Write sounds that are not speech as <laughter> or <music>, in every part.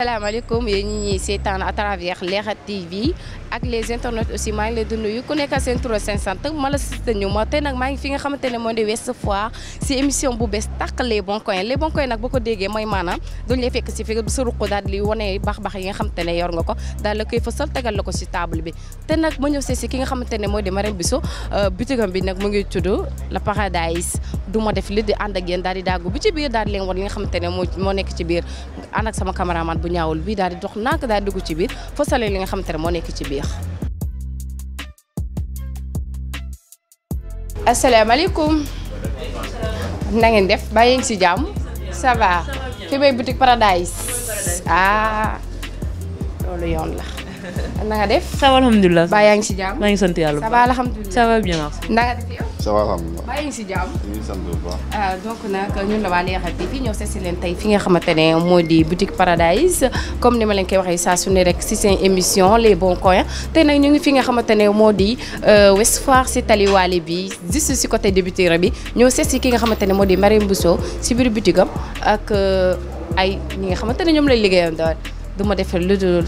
salaamaaleykum yéen ñi ñuy seetaan à travers Leral TV ak les internautes aussi maa ngi leen di nuyu ku nekk seen tur seen sant ma la sista ñu ma tey nag maa ngi fi nga xamante ne moo di Ouest Foire si émission bu bees tàq les bons coins les bons coins nag boo ko déggee mooy maanaam duñ xamante ne yor nga ko daal la koy fësal tegal la ko xamante ne moo di Marème Bisso euh, bi nag mu ngi tudd la Paradise du ma def li di ànd ak yéen daal di daggu nga xamante moo moo nekk ci biir ànd ak sama caméraman bu ñaawul bi daal di dox nànk daal di dugg ci biir fësale li nga xamante moo nekk ci biir biir asalaamaaleykum na ngeen def bàyyi ngi ci jàmm ça va fi may boutique Paradise ah loolu yoon la na nga def ça va alhamdulilah baa yaa ngi ci jàmm maa ngi sant yàlla alhamdulilah ça bien merci na ça va alhamdulilah maa ngi si jàmm. ñu ngi sant bu baax. Euh, nag ñun la waa Leral TV ñëw seet si leen tey fi nga xamante ne moo di boutique Paradise comme ni ma leen koy waxee saa su ne rek si seen émission les bons coins tey nag ñu ngi fi nga xamante ne moo di Ouest euh, Foire si taliwaale bi juste si côté débuté bi ñoo seet si ki nga xamante ne moo di Mariam Bousso si biir boutique am ak euh, ay ñi nga xamante ne ñoom lay liggéeyam daal. du ma defee lu dul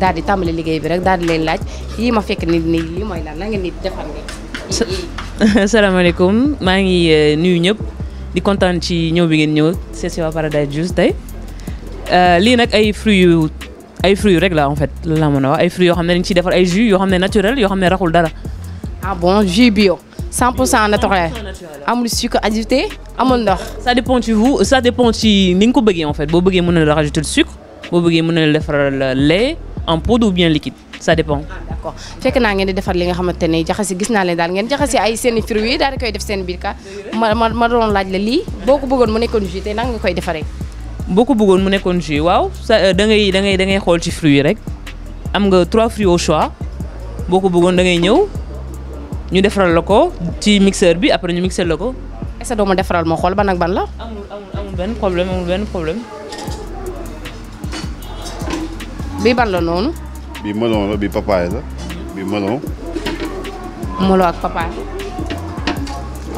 daal di tàmbali liggéey bi rek daal di laaj yii ma fekk nit nii lii mooy lan la <laughs> salaamaaleykum maa ngi euh, nuyu ñëpp di kontaan ci ñëw bi ngeen ñëw seet si waa Paradise Juice tey euh, lii nag ay fruits yu ay fruits yu en fait la mën a wax ay fruits yoo xam ne dañ ciy defar xam ne naturel yoo xam ne raxul dara. ah bon jus bio. 100 pour cent naturel amul sucre ajouté amul ndox. ça dépend ci vous ça dépend ci ni nga ko bëggee en fait boo bëggee mën na la rajouter le sucre boo bëggee mën na la lait en poudre ou bien liquide. ça dépend. d'accord fekk naa ngeen di defar li nga xamante ne jaxasi gis naa leen daal ngeen jaxasi ay seen i fruits yi daal di koy def seen biir ka ma ma ma doon laaj la lii boo ko bëggoon mu nekkoon jus tey nan nga koy defaree. boo ko bëggoon mu nekkoon jus waaw sa euh, da ngay da ngay xool ci fruits yi rek am nga trois fruits au choix boo ko bëggoon da ngay ñëw ñu defaral la ko ci mixeur bi après ñu mixer la ko. est-ce ma defaral moo xool ban ak ban la. amul amul amul benn problème amul ban la noonu. bi melon la bi papaye la bi melon. melon ak papaye.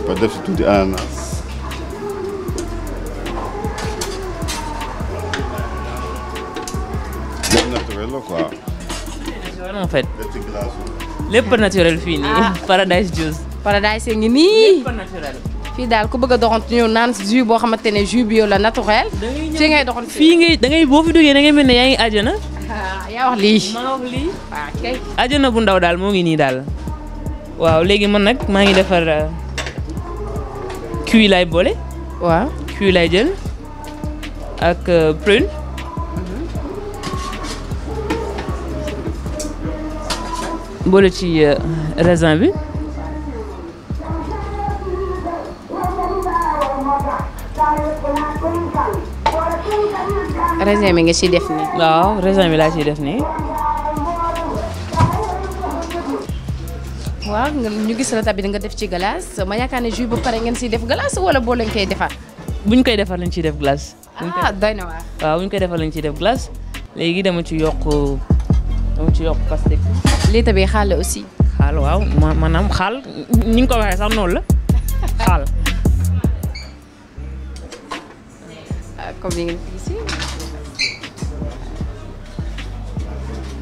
après def si tuuti ananas. lépp naturel la quoi. en fait. def ci glace lépp naturel fii nii. Ah. <laughs> paradise juice. paradise ngi nii. lépp naturel. fii daal ku bëgg a doxantu ñëw naan jus boo xamante ne jus bio la naturel. fii ngay doxantu fii ngay da ngay boo fi duggee da ngay mel ne yaa ngi àjjana. yaa wax lii. maa wax lii. waaw ah, kay. àjjana bu ndaw daal moo ngi nii daal waaw léegi man nag maa ngi defar kiwi euh, laay boole. waaw kiwi laay jël ak euh, prune. Mhm. boole ci euh, raisin bi. raisin mi nga ciy def nii. waaw raisin bi laa ciy def nii. waaw ñu gis la tamit nga def ci glace ma yaakaar ne jus bu pare ngeen ciy def glace wala boo leen koy defar. buñ koy defar lañ ciy def glace. ah doy na waar. waaw buñ koy defar lañ ciy def glace. léegi dama ci yokk dama ci yokk pastèque. lii tamit xaal la aussi. xaal waaw maanaam xaal ni nga ko waxee sax noonu la xaal. <laughs> Ah,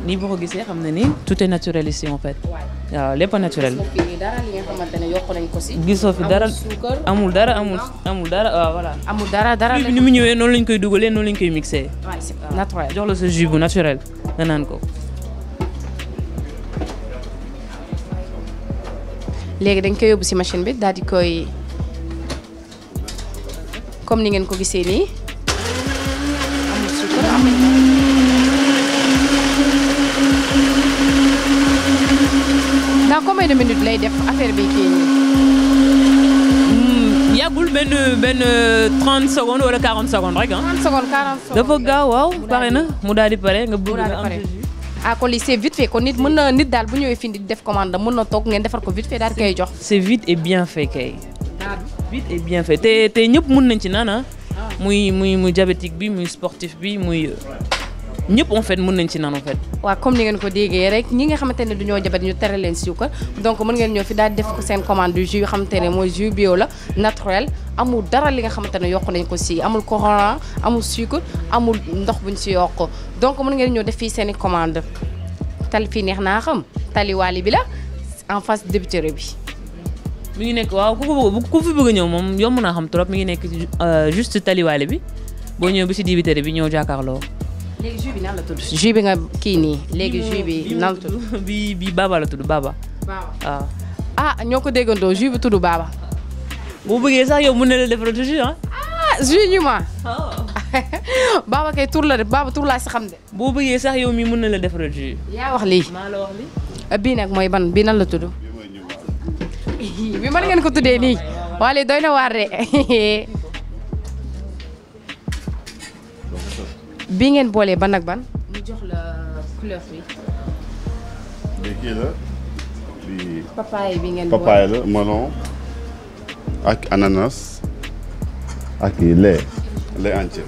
nii boo ko gisee xam ne ni tout est naturel ici en fait. waaw lépp a naturel. gisoo fi dara amul dara amul amul dara waaw amul dara dara ni mu ñëwee noonu lañ koy dugalee noonu lañ koy mixé. waaw jox la sa jus bu naturel nga naan ko. léegi dañ koy yóbbu si machine bi daal di koy comme ni ngeen ko gisee nii dans combien de minutes lay def affaire bi kii nii. Hmm, yàggul benn benn 30 secondes wala 40 rek ah. 30 secondes dafa gaaw waaw pare na mu daal di pare nga bëgg nga am. ah kon lii c' vite fait kon nit mën na nit daal bu ñëwee fii di def commande mën na toog ngeen defar ko vite fait daal di jox. c' vite et bien fait kay. Ah et bien fait te te ñëpp mun nañ ci naan ah. Ah. muy muy muy diabétique bi muy sportif bi muy. ñëpp en fait mun nañ ci nan en fait waaw comme ni ngeen ko déggee rek ñi nga xamante ne duñoo jabet ñu tere leen suukar donc mën ngeen ñëw fi daal def ko seen commande du jus yoo xamante ne mooy jus bio la amul dara li nga xamante ne yokk nañ ko si amul courant amul sucre amul ndox buñ si yokk donc mën ngeen ñoo def fii seen i commande tali fii neex naa xam tali waali bi la en face débiterie bi mi ngi nekk waaw ku fi bëgg ñëw moom yomb naa xam trop mi ngi nekk euh, juste taliwaale bi boo ñëw bi si dibiteri bi ñëw jàkkaarloo léegi jus bi nan la tudd. jus bi nga kii nii léegi jus bi nan la tudd. bi bi baaba la tudd baaba. Ah. ah ñoo ko déggantoo jus bi tudd baaba. bu bëggee sax yow mun na la defaral jus ah. ah jus ñu ma. Oh. <laughs> baaba kay tur la de baaba tur xam de. boo bëggee sax yow mi mun na la defaral jus. yaa wax lii maa la ah, bii nag mooy ban bii nan la tudd. <laughs> bi mën ngeen ko tuddee nii. waa doy na waar de. <laughs> bii ngeen boolee ban ak ban ñu jox la couleur bi. bi bi. ngeen boole papaye la ak ananas ak lait lait entier.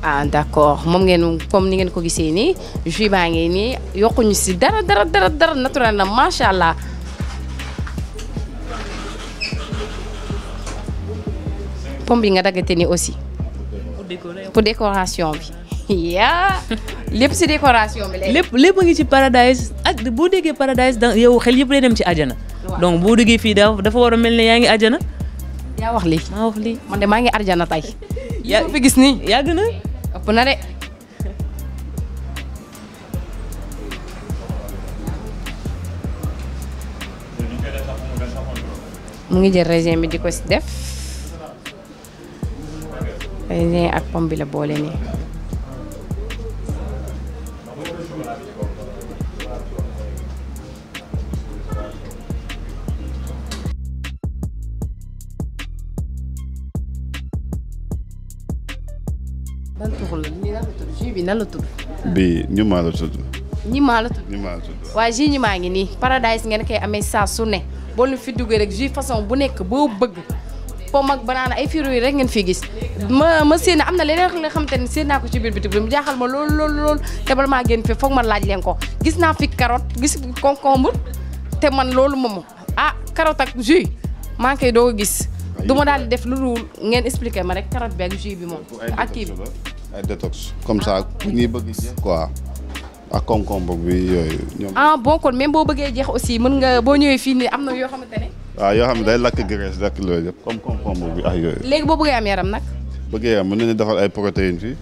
ah d'accord moom ngeen comme ni ngeen ko gisee nii jus baa ngi nii yokkuñu si dara dara dara dara naturel na macha allah. pomme bi nga daggate ni aussi. pour décoration bi. yaa lépp si décoration bi lépp ngi ci paradise ak ah, boo déggee paradise da yow xel yëpp lay dem ci àjjana. donc boo déggee fii daaw dafa war mel ne yaa ngi àjjana. yaa wax lii maa wax lii man de gis nii yàgg na. mu ngi jël raisin bi di ko si ak pomme la boole nii. bi nan la tudd. bii ñu maa la tudd. ñi maa la tudd ñi maa maa ngi nii paradise ngeen koy amee saa su ne boo leen fi duggee rek jus façon bu nekk boo bëgg pomme ak banana ay fruits yi rek ngeen fi gis. ma ma séen am na leneen loo xamante ne séen naa ko ci biir bitik bi mu jaaxal ma lool lool lool te bala maa génn fi foog ma laaj leen ko gis naa fi carotte gis concombre te man loolu moom ah carotte ak jus maa ngi koy doog gis. du ma daal di def lu dul ngeen expliquer ma rek carotte bi ak bi moom. ak ay détox comme ça ah. bu ñuy bëgg si quoi ak concombre bi yooyu. ñoom ah bon kon même boo bëggee jeex aussi mën nga boo ñëwee fii nii am na yoo yoo xam ne day lakk graisse lakk loolu yëpp comme concombre bi ak yooyu. léegi boo bëggee am yaram nag. bëggee yaram mën nañu defal ay protéines fii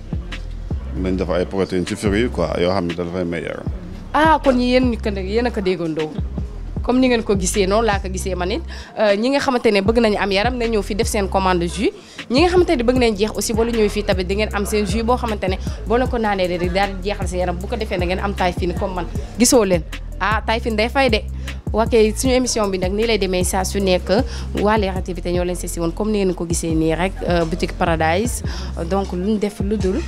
mën nañu defal ay protéines ci fruits yi quoi yoo xam ne dafay may yaram. ah kon yéen ñu ko yéen a ko déggandoo. comme ni ngeen ko gisee noonu laa ko gisee man it euh, ñi nga xamante ne bëgg nañu am yaram na ñëw fi def seen commande jus ñi nga xamante ne bëgg nañ jeex aussi wala ñëw fii tamit di ngeen am seen jus boo xamante ne boo leen ko naanee rek daal di jeexal seen yaram bu ko defee da ngeen am taay fii comme man gisoo leen ah taay fii day fay de waakee suñu émission bi nag nii lay demee saa su nekk waa les activités ñoo leen seesi woon comme ni ngeen ko gisee nii rek euh, boutique Paradise donc luñ def lu dul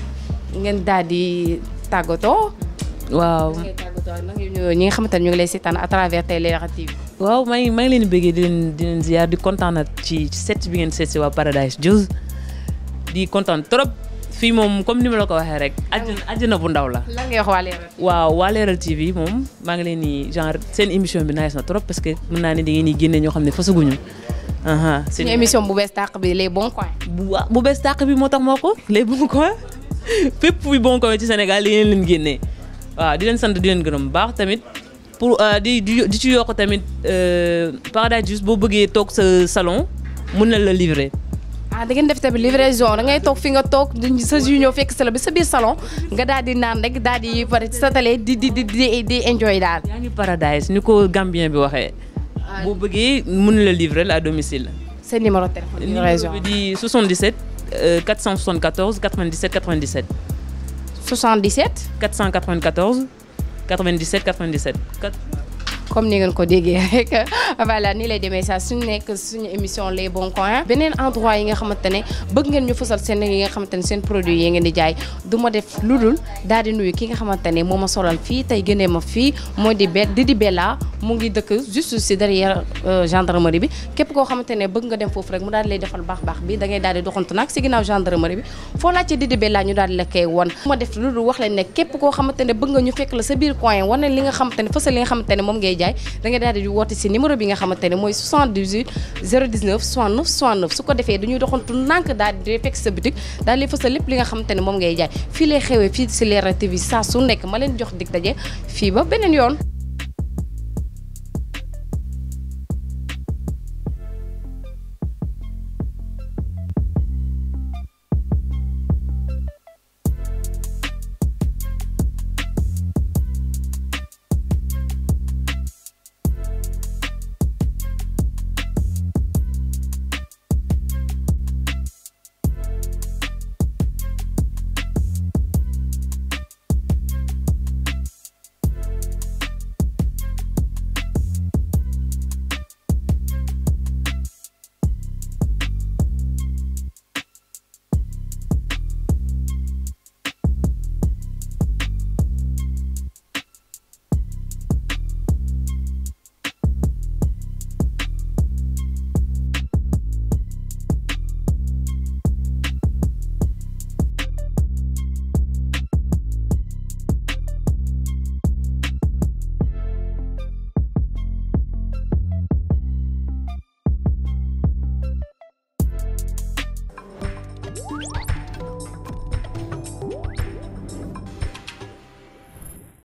ngeen daal di tàggatoo waaw ñi nga xamante ne ñu ngi lay seetaan à travers tey Leral TV. waaw maa ngi maa ngi leen di bëggee di leen di leen ziar di kontaan nag ci set bi ngeen seet si waa Paradise Juice di kontaan trop fii moom comme ni ma la ko waxee rek. àjjana àjjana bu ndaw la. lan ngay wax waa waaw waa Leral TV moom maa ngi leen di genre seen émission bi nice na trop parce que mën naa ne di ngeen di génne ñoo xam ne fasaguñu. suñu émission bu bees tàq bi les bons coins. Ah, bees tàq bi moo tax moo ko les bons coins <laughs> fépp fu bon coin ci Sénégal da ngeen leen génnee. waaw di leen sant di leen gërëm baax tamit pour euh, di di ci yokk tamit euh, Paradise Juice boo bëggee toog sa salon mun na la livrer. ah da ngeen def tamit livraison da ngay toog fi nga toog sa yu ñëw fekk sa la bi sa biir salon nga daal di naan rek daal di pare sa télé di di di di enjoy daal. yaa ngi Paradise ni ko Gambien bi waxee. Ah. boo bëggee mun la livrer à domicile. seen numéro téléphone. livraison bi di 77 474 97 97. 77. 494 97 97. comme ni ngeen ko déggee rek <laughs> voilà nii lay demee saa suñu nekk suñu émission les bons coins beneen endroit yi nga xamante ne bëgg ngeen ñu fësal seen yi nga xamante ne seen produit yi ngeen di jaay du ma def lu dul daal di nuyu ki nga xamante ne moo ma solal fii tey gënee ma fii moo di di di Bella mu ngi dëkk juste si derrière euh, gendarmerie bi képp koo xamante bëgg nga dem foofu rek mu daal di lay defal baax baax bi da ngay daal di doxantu nag si ginnaaw gendarmerie bi foo laajte koy won képp koo xamante ne bëgg nga ñu fekk la sa biir coin wane li nga xamante ne fësal li nga xamante ne moom ngay jaay da ngay daal si numéro bi nga xamante mooy su ko defee dañuy doxantu nànk daal di fekk sa boutique daal di fësal lépp li nga xamante ne moom ngay jaay fii lay xewee fii si Leral TV saa su nekk ma leen jox dig daje fii ba beneen yoon